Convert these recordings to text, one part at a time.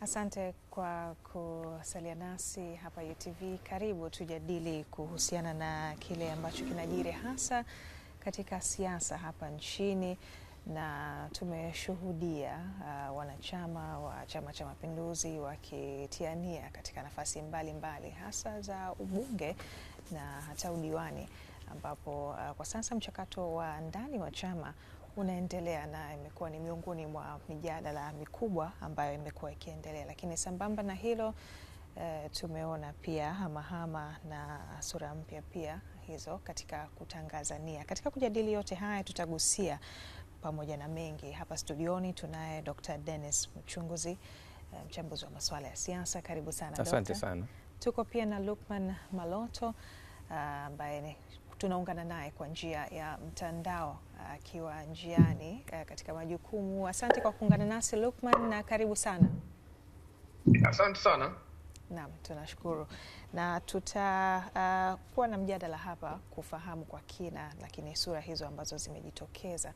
Asante kwa kusalia nasi hapa UTV. Karibu tujadili kuhusiana na kile ambacho kinajiri hasa katika siasa hapa nchini, na tumeshuhudia uh, wanachama wa Chama cha Mapinduzi wakitiania katika nafasi mbalimbali mbali, hasa za ubunge na hata udiwani ambapo uh, kwa sasa mchakato wa ndani wa chama unaendelea na imekuwa ni miongoni mwa mijadala mikubwa ambayo imekuwa ikiendelea, lakini sambamba na hilo e, tumeona pia hamahama na sura mpya pia hizo katika kutangaza nia. Katika kujadili yote haya tutagusia pamoja na mengi hapa studioni tunaye Dr. Dennis Mchunguzi, eh, mchambuzi wa masuala ya siasa. Karibu sana. Asante sana. Tuko pia na Lukman Maloto ah, ambaye uh, tunaungana naye kwa njia ya mtandao akiwa njiani eh, katika majukumu. Asante kwa kuungana nasi Lukman, na karibu sana. Asante sana. Naam, tunashukuru na tutakuwa ah, uh, na mjadala hapa kufahamu kwa kina, lakini sura hizo ambazo zimejitokeza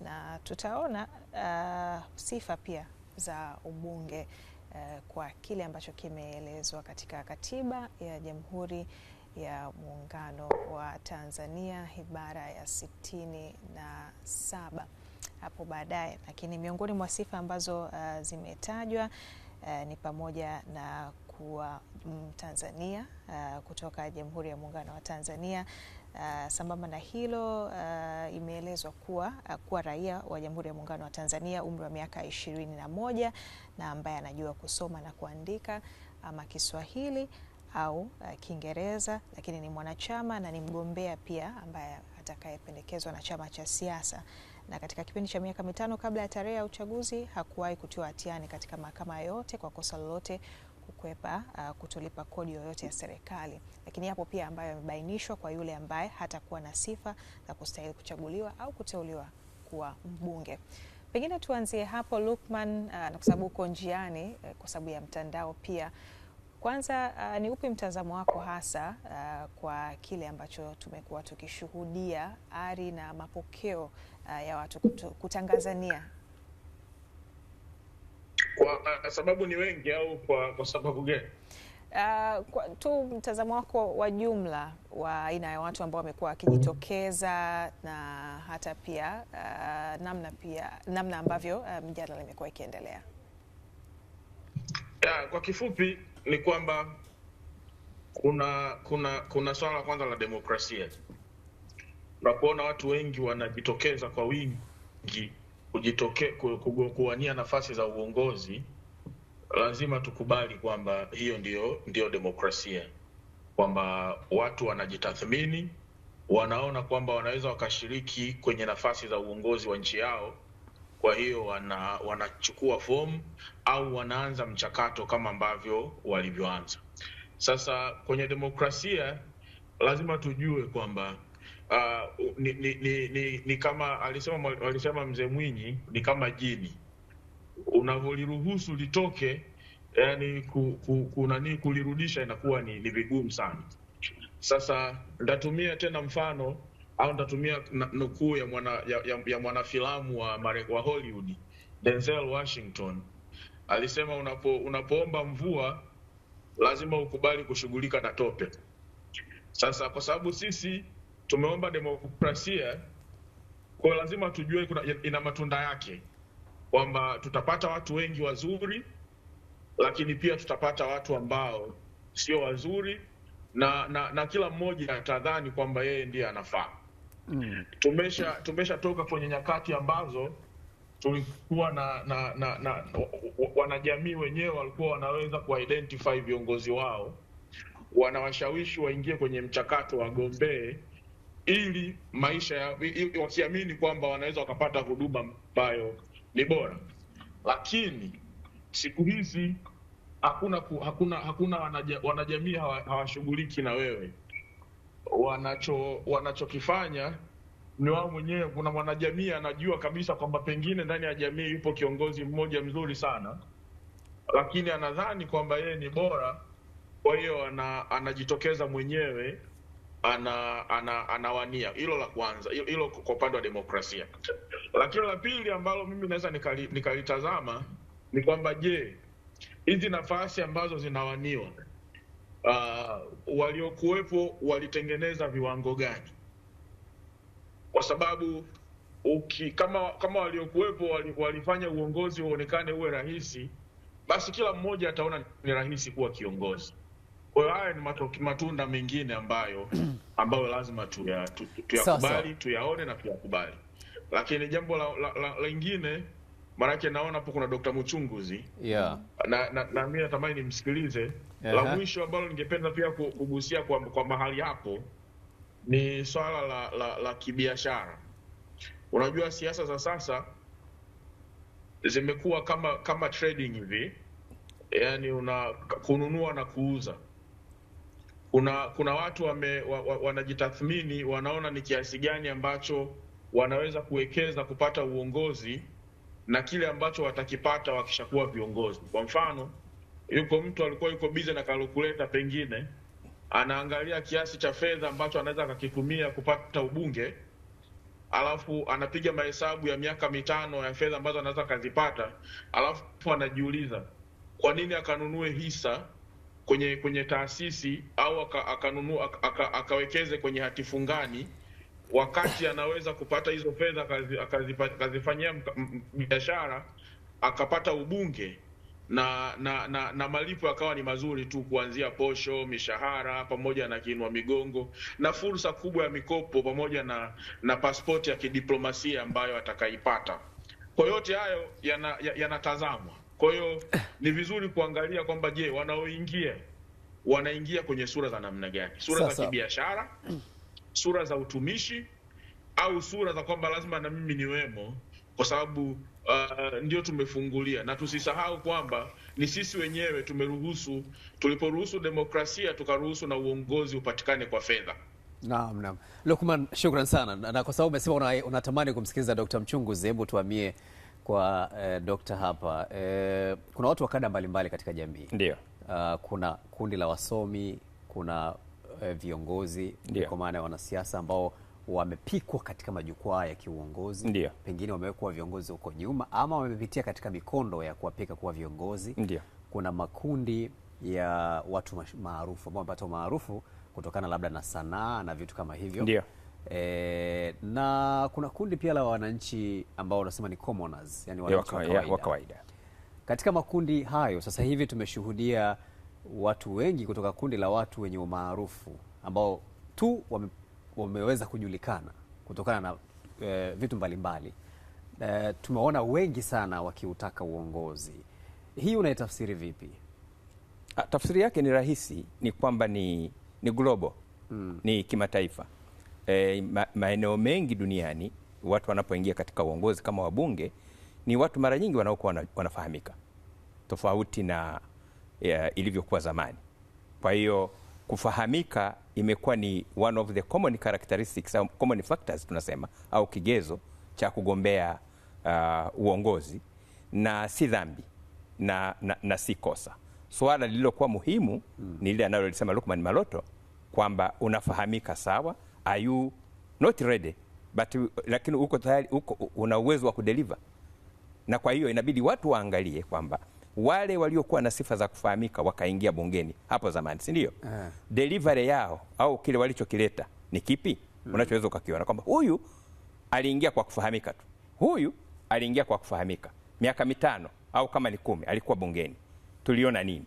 na tutaona uh, sifa pia za ubunge uh, kwa kile ambacho kimeelezwa katika katiba ya Jamhuri ya Muungano wa Tanzania ibara ya sitini na saba hapo baadaye. Lakini miongoni mwa sifa ambazo uh, zimetajwa uh, ni pamoja na kuwa Mtanzania uh, kutoka Jamhuri ya Muungano wa Tanzania. Uh, sambamba na hilo uh, imeelezwa kuwa uh, kuwa raia wa Jamhuri ya Muungano wa Tanzania umri wa miaka ishirini na moja na ambaye anajua kusoma na kuandika ama Kiswahili au uh, Kiingereza, lakini ni mwanachama na ni mgombea pia ambaye atakayependekezwa na chama cha siasa na katika kipindi cha miaka mitano kabla ya tarehe ya uchaguzi hakuwahi kutiwa hatiani katika mahakama yoyote kwa kosa lolote kukwepa uh, kutolipa kodi yoyote ya serikali. Lakini hapo pia ambayo yamebainishwa kwa yule ambaye hatakuwa na sifa za kustahili kuchaguliwa au kuteuliwa kuwa mbunge. Pengine tuanzie hapo Lukman, uh, na kwa sababu uko njiani, uh, kwa sababu ya mtandao pia kwanza uh, ni upi mtazamo wako hasa uh, kwa kile ambacho tumekuwa tukishuhudia ari na mapokeo uh, ya watu kutu, kutangazania kwa sababu ni wengi au kwa, kwa sababu gani? Uh, kwa, tu mtazamo wako wa jumla wa aina ya watu ambao wamekuwa wakijitokeza na hata pia uh, namna pia namna ambavyo uh, mjadala imekuwa ikiendelea. Kwa kifupi ni kwamba kuna kuna kuna swala kwanza la demokrasia na kuona watu wengi wanajitokeza kwa wingi kujitoke, kuwania nafasi za uongozi, lazima tukubali kwamba hiyo ndiyo, ndiyo demokrasia, kwamba watu wanajitathmini, wanaona kwamba wanaweza wakashiriki kwenye nafasi za uongozi wa nchi yao kwa hiyo wana, wanachukua fomu au wanaanza mchakato kama ambavyo walivyoanza. Sasa kwenye demokrasia lazima tujue kwamba uh, ni, ni, ni, ni, ni kama alisema alisema mzee Mwinyi, ni kama jini unavyoliruhusu litoke, yani ku, ku, kunani kulirudisha inakuwa ni, ni vigumu sana. Sasa ndatumia tena mfano au nitatumia nukuu ya mwana ya, ya, ya mwanafilamu wa, wa Hollywood Denzel Washington alisema, unapo unapoomba mvua lazima ukubali kushughulika na tope. Sasa kwa sababu sisi tumeomba demokrasia, kwa lazima tujue kuna, ina matunda yake kwamba tutapata watu wengi wazuri, lakini pia tutapata watu ambao sio wazuri na, na, na kila mmoja atadhani kwamba yeye ndiye anafaa. Mm. tumesha tumeshatoka kwenye nyakati ambazo tulikuwa na, na, na, na wanajamii wenyewe walikuwa wanaweza kuidentify viongozi wao, wanawashawishi waingie kwenye mchakato, wagombee ili maisha ya wakiamini kwamba wanaweza wakapata huduma ambayo ni bora. Lakini siku hizi hakuna hakuna hakuna wanajamii hawashughuliki hawa na wewe wanacho wanachokifanya ni wao mwenyewe. Kuna mwanajamii anajua kabisa kwamba pengine ndani ya jamii yupo kiongozi mmoja mzuri sana, lakini anadhani kwamba yeye ni bora, kwa hiyo ana, anajitokeza mwenyewe ana, ana, anawania. Hilo la kwanza, hilo kwa upande wa demokrasia. Lakini la pili ambalo mimi naweza nikali, nikalitazama ni kwamba je, hizi nafasi ambazo zinawaniwa uh, waliokuwepo walitengeneza viwango gani, kwa sababu uki, kama kama waliokuwepo walifanya uongozi uonekane uwe rahisi, basi kila mmoja ataona ni rahisi kuwa kiongozi. Kwa hiyo haya ni matoki, matunda mengine ambayo ambayo lazima tuyakubali, tu tuyaone na tuyakubali, lakini jambo lingine la, la, la, la maanake naona hapo kuna Dr. mchunguzi yeah. na, na, na mimi natamani nimsikilize. La mwisho ambalo ningependa pia kugusia kwa, kwa mahali hapo ni swala la, la, la kibiashara. Unajua siasa za sasa zimekuwa kama kama trading hivi, yani una kununua na kuuza. Kuna kuna watu wame, wa, wa, wanajitathmini, wanaona ni kiasi gani ambacho wanaweza kuwekeza kupata uongozi na kile ambacho watakipata wakishakuwa viongozi. Kwa mfano, yuko mtu alikuwa yuko bize na kalkuleta, pengine anaangalia kiasi cha fedha ambacho anaweza akakitumia kupata ubunge, alafu anapiga mahesabu ya miaka mitano ya fedha ambazo anaweza akazipata, alafu anajiuliza kwa nini akanunue hisa kwenye kwenye taasisi au akanunua akawekeze kwenye hatifungani wakati anaweza kupata hizo fedha akazifanyia biashara akapata ubunge na na na, na malipo yakawa ni mazuri tu, kuanzia posho, mishahara pamoja na kiinua migongo na fursa kubwa ya mikopo pamoja na na pasipoti ya kidiplomasia ambayo atakaipata. Kwa yote hayo yanatazamwa, ya kwa hiyo ni vizuri kuangalia kwamba je, wanaoingia wanaingia kwenye sura za namna gani, sura Sasa za kibiashara sura za utumishi au sura za kwamba lazima na mimi niwemo, kwa sababu uh, ndio tumefungulia. Na tusisahau kwamba ni sisi wenyewe tumeruhusu, tuliporuhusu demokrasia tukaruhusu na uongozi upatikane kwa fedha. Naam, naam. Lukman, shukran sana, na kwa sababu umesema una, kumsikiliza Dr. Mchunguzi, hebu tuamie kwa eh, dokta hapa eh, kuna watu wa kada mbalimbali katika jamii. Ndio. Uh, kuna kundi la wasomi, kuna Eh, viongozi kwa maana ya wanasiasa ambao wamepikwa katika majukwaa ya kiuongozi Ndiyo. Pengine wamewekwa viongozi huko nyuma ama wamepitia katika mikondo ya kuwapika kuwa viongozi Ndiyo. Kuna makundi ya watu maarufu ambao wamepata maarufu kutokana labda na sanaa na vitu kama hivyo Ndiyo. E, eh, na kuna kundi pia la wananchi ambao wanasema ni commoners, yani wananchi wa kawaida. Katika makundi hayo sasa hivi tumeshuhudia watu wengi kutoka kundi la watu wenye umaarufu ambao tu wame, wameweza kujulikana kutokana na e, vitu mbalimbali e, tumeona wengi sana wakiutaka uongozi. Hii unaitafsiri vipi? A, ah, tafsiri yake ni rahisi, ni kwamba ni, ni global mm. ni kimataifa e, ma, maeneo mengi duniani watu wanapoingia katika uongozi kama wabunge ni watu mara nyingi wanaokuwa wanafahamika tofauti na ilivyokuwa zamani. Kwa hiyo kufahamika imekuwa ni one of the common characteristics au common factors tunasema, au kigezo cha kugombea uh, uongozi na si dhambi na, na, na si kosa. Swala lililokuwa muhimu mm. ni lile analolisema Lukman Maloto kwamba unafahamika sawa, are you not ready but, lakini uko tayari, uko una uwezo wa kudeliver, na kwa hiyo inabidi watu waangalie kwamba wale waliokuwa na sifa za kufahamika wakaingia bungeni hapo zamani, si ndio? Uh. Delivery yao au kile walichokileta ni kipi? Mm. Unachoweza ukakiona kwamba huyu aliingia kwa kufahamika tu, huyu aliingia kwa kufahamika miaka mitano au kama ni kumi alikuwa bungeni, tuliona nini?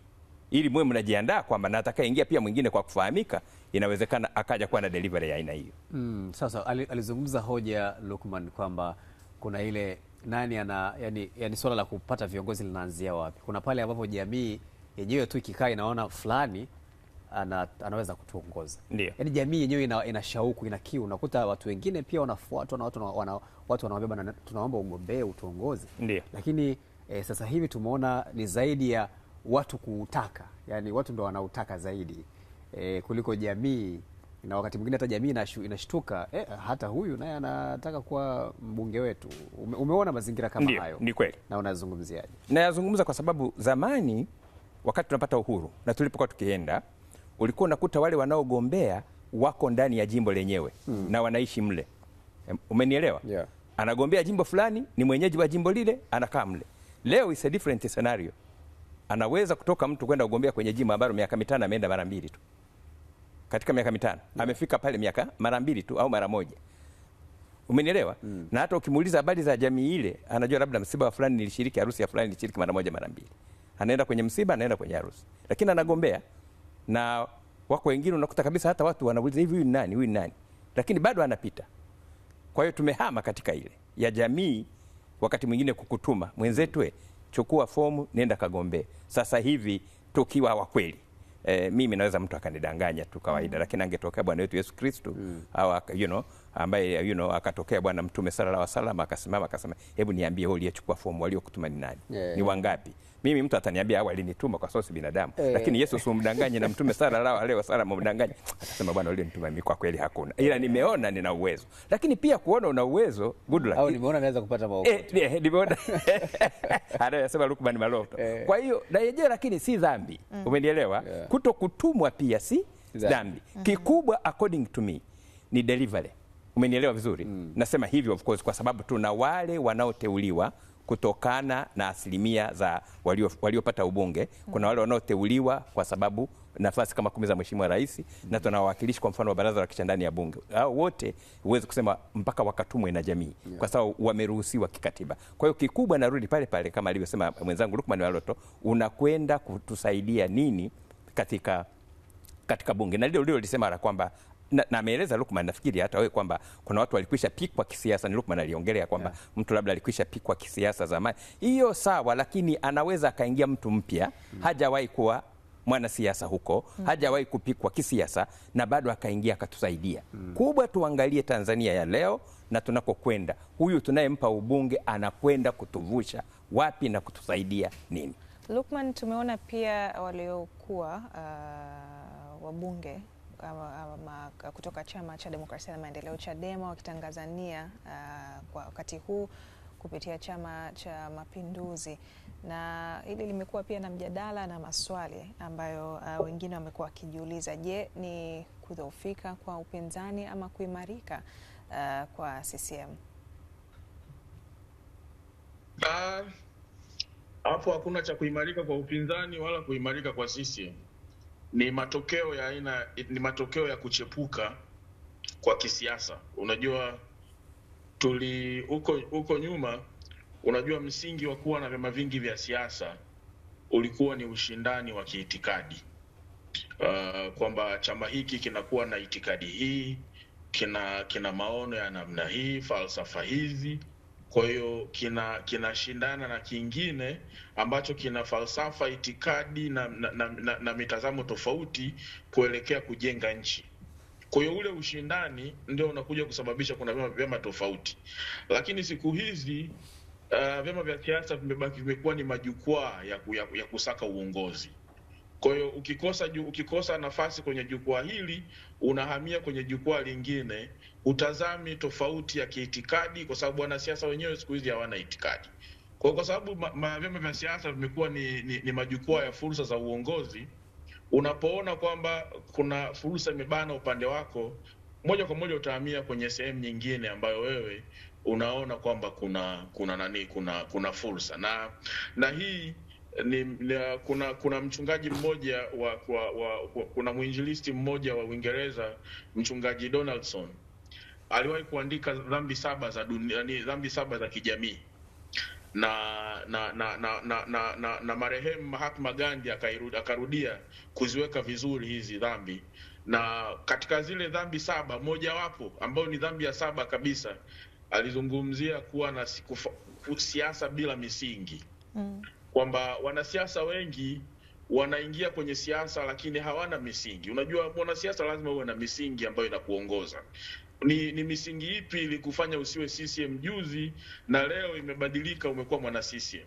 Ili mwe mnajiandaa kwamba na atakayeingia pia mwingine kwa kufahamika inawezekana akaja kuwa na delivery ya aina hiyo. Mm, sasa alizungumza hoja Lukman kwamba kuna ile nani ana yani, yani swala la kupata viongozi linaanzia wapi? Kuna pale ambapo jamii yenyewe tu ikikaa inaona fulani ana, anaweza kutuongoza. Ndio. Yani jamii yenyewe ina, ina shauku ina kiu, unakuta watu wengine pia wanafuatwa na watu wana, watu wanawabeba na tunaomba ugombee utuongoze. Ndio. Lakini e, sasa hivi tumeona ni zaidi ya watu kuutaka, yani watu ndo wanautaka zaidi e, kuliko jamii na wakati mwingine hata jamii inashtuka eh, hata huyu naye anataka kuwa mbunge wetu. Ume, umeona mazingira kama Ndiyo, hayo ni kweli. Na unazungumziaje? Nayazungumza kwa sababu zamani wakati tunapata uhuru na tulipokuwa tukienda, ulikuwa unakuta wale wanaogombea wako ndani ya jimbo lenyewe hmm, na wanaishi mle, umenielewa? Yeah. Anagombea jimbo fulani, ni mwenyeji wa jimbo lile, anakaa mle. Leo is a different scenario, anaweza kutoka mtu kwenda kugombea kwenye jimbo ambalo miaka mitano ameenda mara mbili tu katika miaka mitano mm. amefika pale miaka mara mbili tu au mara moja umenielewa? mm. na hata ukimuuliza habari za jamii ile anajua labda msiba wa fulani nilishiriki, harusi ya fulani nilishiriki mara moja mara mbili. Anaenda kwenye msiba, anaenda kwenye harusi, lakini anagombea na wako wengine, unakuta kabisa hata watu wanauliza hivi, huyu nani? Huyu nani? Lakini bado anapita. Kwa hiyo tumehama katika ile ya jamii, wakati mwingine kukutuma mwenzetu chukua fomu, nenda kagombee. Sasa hivi tukiwa wakweli E, mimi naweza mtu akanidanganya tu kawaida, mm. lakini angetokea Bwana wetu Yesu Kristo mm. au you know ambaye you know akatokea Bwana Mtume sala la wasalama akasimama akasema, hebu niambie wao, uliyechukua fomu waliokutumani nani? yeah, yeah. ni wangapi? Mimi mtu ataniambia au alinituma kwa sababu si binadamu e. Lakini Yesu sumdanganye na mtume sala lao leo sala mumdanganye, atasema bwana yule mtume mimi kwa kweli hakuna, ila nimeona nina uwezo. Lakini pia kuona una uwezo good luck, au nimeona naweza kupata maokoto eh, eh, eh, nimeona anasema Lukman Malofto e. Kwa hiyo na yeye, lakini si dhambi mm. Umenielewa yeah. Kuto kutumwa pia si dhambi mm -hmm. Kikubwa according to me ni delivery. Umenielewa vizuri mm. Nasema hivyo of course kwa sababu tuna wale wanaoteuliwa kutokana na asilimia za waliopata walio ubunge. Kuna wale wanaoteuliwa kwa sababu nafasi kama kumi za mheshimiwa rais mm -hmm. na tuna wawakilishi kwa mfano wa baraza la kisha ndani ya bunge, hao wote huwezi kusema mpaka wakatumwe na jamii yeah. kwa sababu wameruhusiwa kikatiba. Kwa hiyo kikubwa, narudi pale pale kama alivyosema mwenzangu Lukman Waloto, unakwenda kutusaidia nini katika katika bunge na lile ulilolisema la kwamba na ameeleza Lukman, nafikiri hata wewe kwamba kuna watu walikwisha pikwa kisiasa. Ni Lukman aliongelea kwamba yeah, mtu labda alikwisha pikwa kisiasa zamani. Hiyo sawa, lakini anaweza akaingia mtu mpya mm, hajawahi kuwa mwanasiasa huko mm, hajawahi kupikwa kisiasa na bado akaingia akatusaidia. Mm, kubwa tuangalie Tanzania ya leo na tunakokwenda. Huyu tunayempa ubunge anakwenda kutuvusha wapi na kutusaidia nini? Lukman, tumeona pia waliokuwa uh, wabunge kutoka chama cha demokrasia na maendeleo Chadema wakitangaza nia uh, ah, kwa wakati huu kupitia chama cha Mapinduzi, na hili limekuwa pia na mjadala na maswali ambayo uh, wengine wamekuwa wakijiuliza, je, ni kudhoofika kwa upinzani ama kuimarika uh, kwa CCM? Hapo hakuna cha kuimarika kwa upinzani wala kuimarika kwa CCM ni matokeo ya aina, ni matokeo ya kuchepuka kwa kisiasa. Unajua tuli huko huko nyuma, unajua msingi wa kuwa na vyama vingi vya siasa ulikuwa ni ushindani wa kiitikadi uh, kwamba chama hiki kinakuwa na itikadi hii, kina kina maono ya namna hii, falsafa hizi kwa hiyo kina kinashindana na kingine ambacho kina falsafa, itikadi na, na, na, na, na mitazamo tofauti kuelekea kujenga nchi. Kwa hiyo ule ushindani ndio unakuja kusababisha kuna vyama, vyama tofauti, lakini siku hizi uh, vyama vya siasa vimebaki vimekuwa ni majukwaa ya, ya, ya kusaka uongozi. Kwa hiyo ukikosa ukikosa nafasi kwenye jukwaa hili unahamia kwenye jukwaa lingine utazami tofauti ya kiitikadi, kwa sababu wanasiasa wenyewe siku hizi hawana itikadi. Kwa kwa sababu vyama vya siasa vimekuwa ni, ni, ni majukwaa ya fursa za uongozi. Unapoona kwamba kuna fursa imebana upande wako, moja kwa moja utahamia kwenye sehemu nyingine ambayo wewe unaona kwamba kuna kuna nani kuna kuna fursa na na hii ni, ni, kuna kuna mchungaji mmoja wa, wa, wa, wa kuna mwinjilisti mmoja wa Uingereza mchungaji Donaldson aliwahi kuandika dhambi saba za dunia, ni dhambi saba za kijamii na na na na na, na, na, na marehemu Mahatma Gandhi akarudia kuziweka vizuri hizi dhambi, na katika zile dhambi saba mojawapo ambayo ni dhambi ya saba kabisa alizungumzia kuwa na siasa bila misingi mm, kwamba wanasiasa wengi wanaingia kwenye siasa lakini hawana misingi. Unajua, mwanasiasa lazima uwe na misingi ambayo inakuongoza ni, ni misingi ipi ilikufanya usiwe CCM juzi na leo imebadilika umekuwa mwana CCM?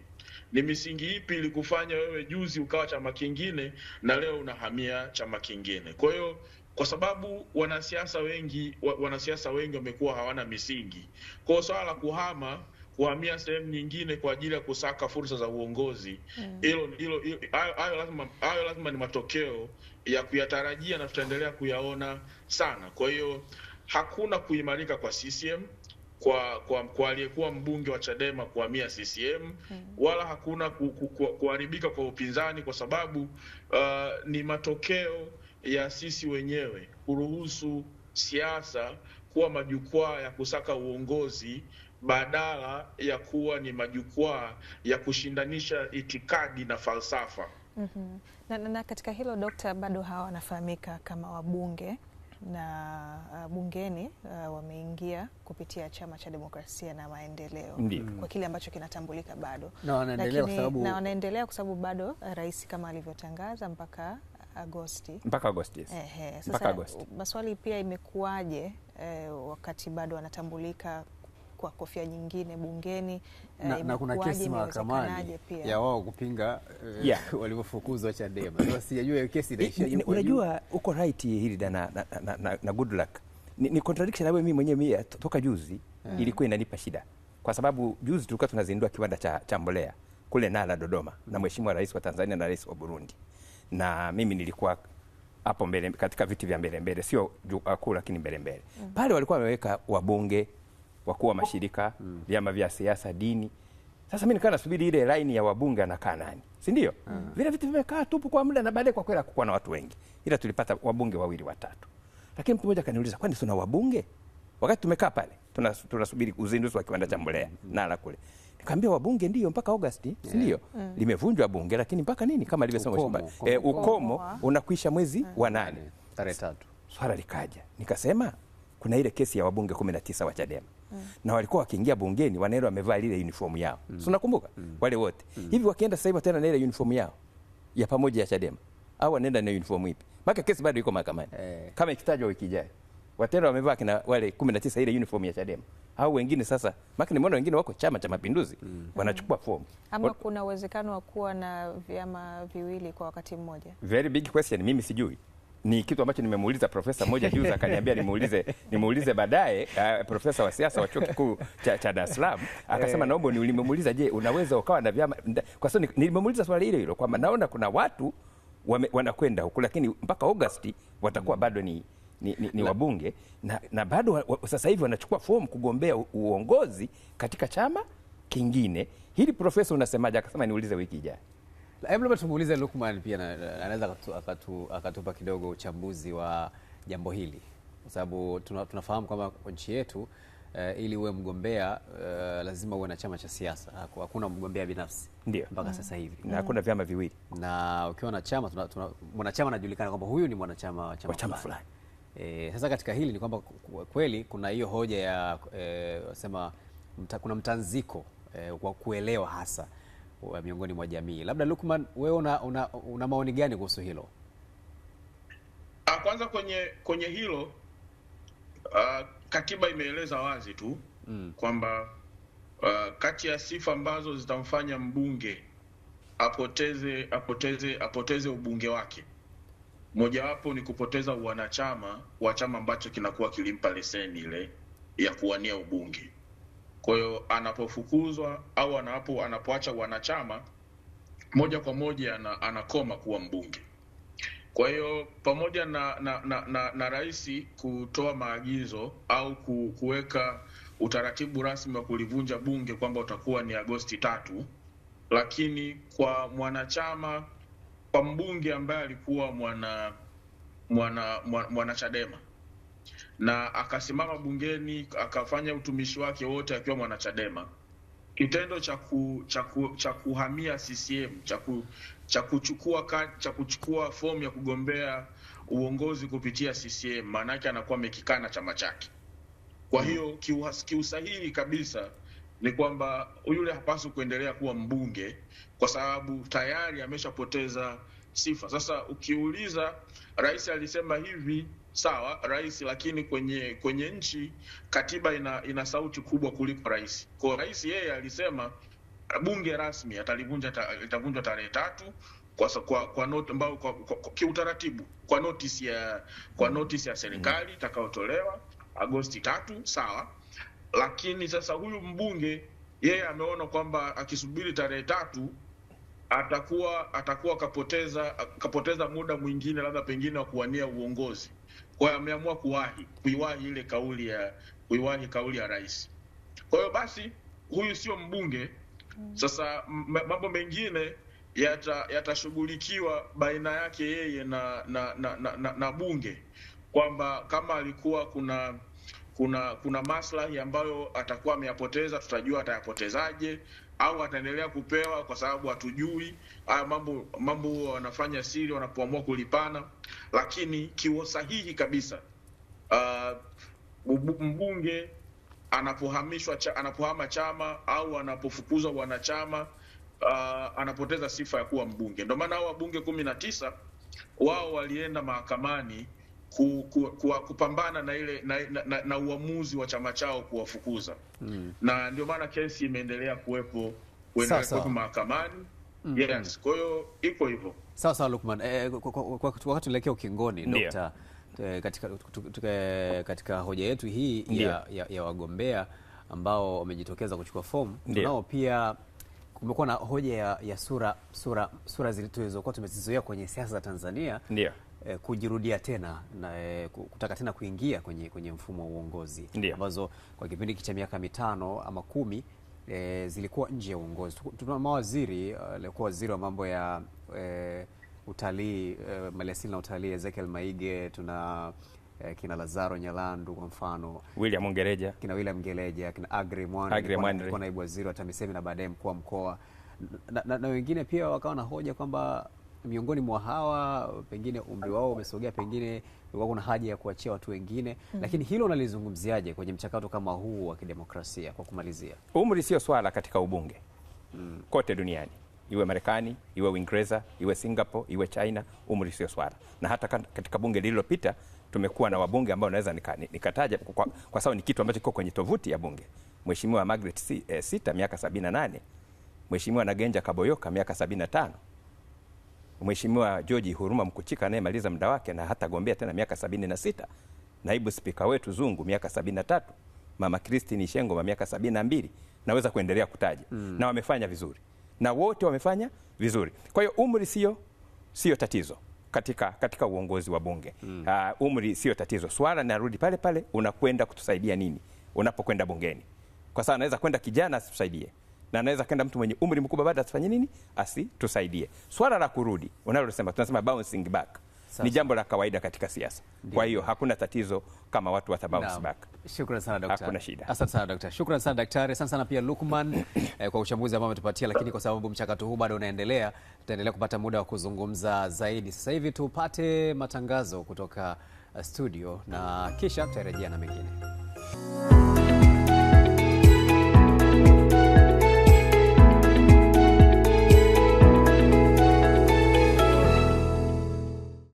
Ni misingi ipi ilikufanya wewe juzi ukawa chama kingine na leo unahamia chama kingine? Kwa hiyo kwa sababu wanasiasa wengi wanasiasa wengi wamekuwa hawana misingi. Kwa hiyo swala la kuhama kuhamia sehemu nyingine kwa ajili ya kusaka fursa za uongozi hmm. hilo mm. hilo hayo lazima hayo lazima ni matokeo ya kuyatarajia na tutaendelea kuyaona sana. Kwa hiyo hakuna kuimarika kwa CCM kwa kwa, kwa aliyekuwa mbunge wa Chadema kuhamia CCM hmm. wala hakuna kuharibika kwa upinzani kwa sababu uh, ni matokeo ya sisi wenyewe kuruhusu siasa kuwa majukwaa ya kusaka uongozi badala ya kuwa ni majukwaa ya kushindanisha itikadi na falsafa. Mm -hmm. Na, na, na katika hilo Dokta, bado hawa wanafahamika kama wabunge na uh, bungeni uh, wameingia kupitia chama cha demokrasia na maendeleo Ndiyo. kwa mm. kile ambacho kinatambulika bado na wanaendelea kwa sababu bado uh, rais kama alivyotangaza mpaka Agosti mpaka Agosti, yes. Ehe, sasa maswali pia imekuwaje eh, wakati bado wanatambulika kwa kofia nyingine bungeni eh, na, uh, na kuna kesi mahakamani ya wao kupinga uh, yeah. walivyofukuzwa Chadema. Sijajua hiyo kesi inaishia. Unajua uko right hili na, na, na, na, na, na good luck ni, ni contradiction ambayo mimi mwenyewe mimi toka juzi yeah. ilikuwa inanipa shida kwa sababu juzi tulikuwa tunazindua kiwanda cha, cha mbolea kule Nala Dodoma na mm. Mheshimiwa Rais wa Tanzania na Rais wa Burundi na mimi nilikuwa hapo mbele katika viti vya mbele mbele, sio juu kuu, lakini mbele mbele mm. Pale walikuwa wameweka wabunge wakuu wa oh. mashirika hmm. vyama vya siasa, dini. Sasa mimi nikawa nasubiri ile line ya wabunge anakaa nani, si ndio? mm. vile vitu vimekaa tupu kwa muda, na baadaye kwa kweli hakukuwa na watu wengi, ila tulipata wabunge wawili watatu. Lakini mtu mmoja akaniuliza, kwani tuna wabunge? Wakati tumekaa pale tunasubiri tuna uzinduzi wa kiwanda cha mbolea mm -hmm. Nala kule Nikamwambia wabunge ndio mpaka Agosti, si ndio? yeah. mm. limevunjwa bunge lakini mpaka nini kama alivyosema ukomo, e, ukomo unakwisha mwezi mm. wa nane tarehe tatu. Swala likaja nikasema kuna ile kesi ya wabunge 19 wa Chadema mm. na walikuwa wakiingia bungeni wanaenda wamevaa ile uniform yao mm. so nakumbuka mm. wale wote mm. hivi wakienda sasa hivi tena na ile uniform yao ya pamoja ya Chadema au wanaenda na uniform ipi? Maana kesi bado iko mahakamani hey. Eh. kama ikitajwa wiki ijayo watenda wamevaa kina wale 19 ile uniform ya Chadema au wengine sasa, maana nimeona wengine wako Chama cha Mapinduzi mm. wanachukua fomu. Ama kuna uwezekano wa kuwa na vyama viwili kwa wakati mmoja? Very big question, mimi sijui ni kitu ambacho nimemuuliza profesa moja juzi, akaniambia nimuulize nimuulize baadaye. Uh, profesa wa siasa wa chuo kikuu cha, cha Dar es Salaam akasema naomba nilimuuliza, je, unaweza ukawa na vyama? Kwa sababu nilimuuliza swali hilo hilo kwamba naona kuna watu wame, wanakwenda huku lakini mpaka Agosti watakuwa bado ni ni, ni, ni wabunge na, na bado wa, sasa hivi wanachukua fomu kugombea u, uongozi katika chama kingine. Hili profesa unasemaje? Akasema niulize wiki ijayo. Hebu labda tumuulize Lukman pia anaweza akatupa kidogo uchambuzi wa jambo hili, kwa sababu tunafahamu kwamba nchi yetu Uh, ili uwe mgombea uh, lazima uwe na chama cha siasa. Hakuna mgombea binafsi ndio mpaka mm. sasa hivi na hakuna vyama viwili, na ukiwa na chama tuna, tuna, mwanachama anajulikana kwamba huyu ni mwanachama wa chama, chama fulani e. Sasa katika hili ni kwamba kweli kuna hiyo hoja ya e, sema mta, kuna mtanziko e, wa kuelewa hasa miongoni mwa jamii. Labda Lukman, wewe una, una, una maoni gani kuhusu hilo? Ah, kwanza kwenye kwenye hilo uh, katiba imeeleza wazi tu mm. kwamba uh, kati ya sifa ambazo zitamfanya mbunge apoteze apoteze apoteze ubunge wake mojawapo ni kupoteza wanachama wa chama ambacho kinakuwa kilimpa leseni ile ya kuwania ubunge. Kwa hiyo anapofukuzwa au anapo, anapoacha wanachama moja kwa moja ana, anakoma kuwa mbunge. Kwa hiyo pamoja na, na, na, na, na rais kutoa maagizo au kuweka utaratibu rasmi wa kulivunja bunge kwamba utakuwa ni Agosti tatu, lakini kwa mwanachama, kwa mbunge ambaye alikuwa mwana mwana mwanachadema mwana na akasimama bungeni akafanya utumishi wake wote akiwa mwanachadema. Kitendo cha ku, cha ku, cha kuhamia CCM cha ku, cha kuchukua cha kuchukua fomu ya kugombea uongozi kupitia CCM, maanake anakuwa amekikana chama chake. Kwa mm-hmm. hiyo kiusahihi kabisa ni kwamba yule hapaswi kuendelea kuwa mbunge kwa sababu tayari ameshapoteza sifa. Sasa ukiuliza, rais alisema hivi sawa rais, lakini kwenye kwenye nchi katiba ina, ina sauti kubwa kuliko rais. Kwa rais yeye alisema bunge rasmi atalivunja litavunjwa tarehe tatu kwa kwa, kwa, not, ambao kwa, kwa, kwa kiutaratibu kwa notisi ya kwa notisi ya serikali mm. itakayotolewa Agosti tatu, sawa. Lakini sasa huyu mbunge yeye ameona kwamba akisubiri tarehe tatu atakuwa atakuwa kapoteza kapoteza muda mwingine labda pengine wa kuwania uongozi. Kwa hiyo ameamua kuwahi kuiwahi ile kauli ya kuiwahi kauli ya rais. Kwa hiyo basi, huyu sio mbunge. Sasa mambo mengine yatashughulikiwa yata baina yake yeye na na, na, na, na bunge kwamba kama alikuwa kuna kuna kuna maslahi ambayo atakuwa ameyapoteza, tutajua atayapotezaje au ataendelea kupewa, kwa sababu hatujui haya mambo mambo wanafanya siri wanapoamua kulipana. Lakini kiwo sahihi kabisa, uh, mbunge anapohamishwa cha, anapohama chama au anapofukuzwa wanachama uh, anapoteza sifa ya kuwa mbunge. Ndio maana hao wabunge kumi na tisa wao walienda mahakamani ku, ku, ku, kupambana na ile na, na, na, na uamuzi wa chama chao kuwafukuza mm. na ndio maana kesi imeendelea kuwepo kuwepo mahakamani mm. yes. kwa hiyo iko hivyo sawa sawa Lukman eh, kwa, kwa, wakati tuelekea ukingoni dokta eh, katika, tuke, eh, katika hoja yetu hii ya, ya, ya wagombea ambao wamejitokeza kuchukua fomu tunao pia kumekuwa na hoja ya, ya sura sura sura zilizokuwa tumezizoea kwenye siasa za Tanzania Ndia eh, kujirudia tena na eh, kutaka tena kuingia kwenye, kwenye mfumo wa uongozi ambazo kwa kipindi cha miaka mitano ama kumi eh, zilikuwa nje ya uongozi. Tuna mawaziri eh, alikuwa waziri wa mambo ya eh, utalii eh, maliasili na utalii Ezekiel Maige, tuna eh, kina Lazaro Nyalandu kwa mfano, William Ngereja, kina William Ngereja, kina Agri Mwanri alikuwa naibu waziri wa TAMISEMI na baadaye mkuu wa mkoa na, na, na wengine pia wakawa na hoja kwamba miongoni mwa hawa pengine umri wao umesogea, pengine kuna haja ya kuachia watu wengine mm. Lakini hilo unalizungumziaje kwenye mchakato kama huu wa kidemokrasia? Kwa kumalizia, umri sio swala katika ubunge mm. kote duniani, iwe Marekani, iwe Uingereza, iwe Singapore, iwe China, umri sio swala. Na hata katika bunge lililopita tumekuwa na wabunge ambao naweza nikataja nika kwa, kwa sababu ni kitu ambacho kiko kwenye tovuti ya bunge, Mheshimiwa Margaret eh, Sita miaka 78, Mheshimiwa Nagenja Kaboyoka miaka 75. Mheshimiwa George Huruma Mkuchika anayemaliza muda wake na hata gombea tena miaka sabini na sita, naibu spika wetu Zungu miaka sabini na tatu, mama Christine Ishengo wa miaka sabini na mbili, naweza kuendelea kutaja mm. na wamefanya vizuri na wote wamefanya vizuri. Kwa hiyo umri sio sio tatizo katika, katika uongozi wa bunge mm. Uh, umri sio tatizo. Swala narudi pale pale, unakwenda kutusaidia nini unapokwenda bungeni? Kwa sababu anaweza kwenda kijana asitusaidie na anaweza kaenda mtu mwenye umri mkubwa bado asifanye nini, asitusaidie. Swala la kurudi unalosema, tunasema bouncing back Sasa. ni jambo la kawaida katika siasa, kwa hiyo hakuna tatizo kama watu wata bounce back. Shukrani sana daktari, hakuna shida. Asante sana daktari, shukrani sana daktari, asante sana pia Lukman eh, kwa uchambuzi ambao umetupatia, lakini kwa sababu mchakato huu bado unaendelea, tutaendelea kupata muda wa kuzungumza zaidi. Sasa hivi tupate matangazo kutoka eh, studio na kisha tutarejea na mengine.